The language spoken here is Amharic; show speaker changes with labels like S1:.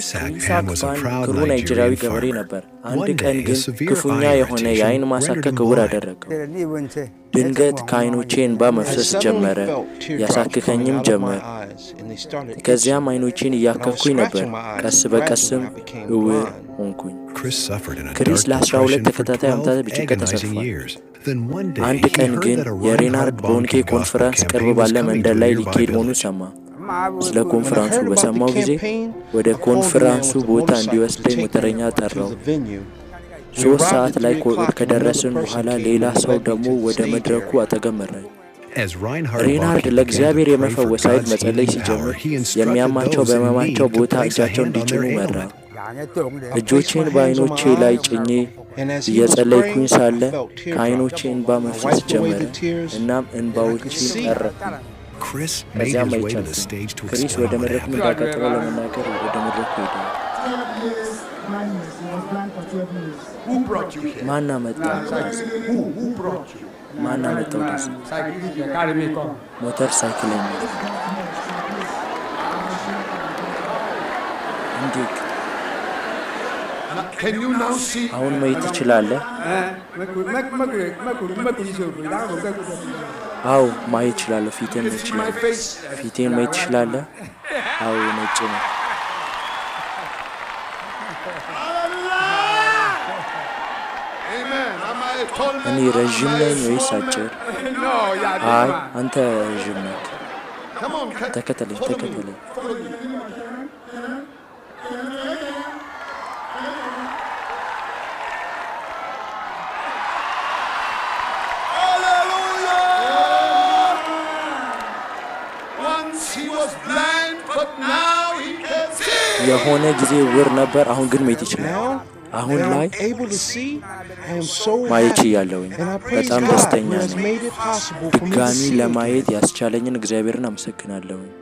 S1: ኢሳክ ባን ግሩ ገበሬ ነበር። አንድ ቀን ግን ክፉኛ የሆነ የአይን ማሳከክ እውር አደረገው። ድንገት ከዓይኖቼ እንባ መፍሰስ ጀመረ፣ ያሳክከኝም ጀመር። ከዚያም ዓይኖቼን እያከኩኝ ነበር። ቀስ በቀስም እውር ሆንኩኝ። ክሪስ ለ12 ተከታታይ ዓመታት በጭንቀት ተሰልፏል። አንድ ቀን ግን የሬናርድ ቦንኬ ኮንፈረንስ ቅርብ ባለ መንደር ላይ ሊካሄድ መሆኑን ሰማ። ስለ ኮንፈረንሱ በሰማው ጊዜ ወደ ኮንፈረንሱ ቦታ እንዲወስደኝ ሞተረኛ ጠራው። ሶስት ሰዓት ላይ ከደረስን በኋላ ሌላ ሰው ደግሞ ወደ መድረኩ አጠገብ ሬናርድ ለእግዚአብሔር የመፈወስ ኃይል መጸለይ ሲጀምር የሚያማቸው በሕመማቸው ቦታ እጃቸው እንዲጭኑ መራ። እጆቼን በአይኖቼ ላይ ጭኜ እየጸለይኩኝ ሳለ ከአይኖቼ እንባ መፍሰስ ጀመረ። እናም እንባዎቼን ቀረ። ከዚያም አይቻልም። ክሪስ ወደ መድረክ መሄዷ ለመናገር ወደ ሄደ። ማን ማን አመጣው? ሞተር ሳይክል አሁን መሄድ ትችላለህ? አዎ ማየት እችላለሁ። ፊቴን ፊቴን ማየት ትችላለህ? አዎ ነጭ ነው። እኔ ረዥም ነኝ ወይስ አጭር? አይ አንተ ረዥም ነህ። ተከተለኝ፣ ተከተለኝ የሆነ ጊዜ ውር ነበር፣ አሁን ግን ማየት ይችላል። አሁን ላይ ማየች እያለውኝ በጣም ደስተኛ ነኝ። ድጋሚ ለማየት ያስቻለኝን እግዚአብሔርን አመሰግናለሁኝ።